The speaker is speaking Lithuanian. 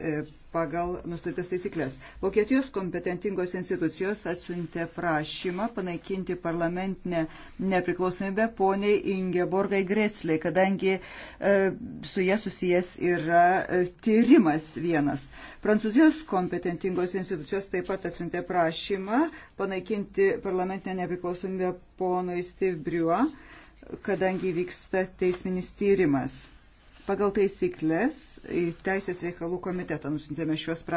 E, pagal nustatytas taisyklės. Vokietijos kompetentingos institucijos atsiuntė prašymą panaikinti parlamentinę nepriklausomybę poniai Ingeborgai Gresley, kadangi e, su jie susijęs yra e, tyrimas vienas. Prancūzijos kompetentingos institucijos taip pat atsiuntė prašymą panaikinti parlamentinę nepriklausomybę ponui Steve Briua, kadangi vyksta teisminis tyrimas. Pagal taisyklės į Teisės reikalų komitetą nusintėme šios prašymus.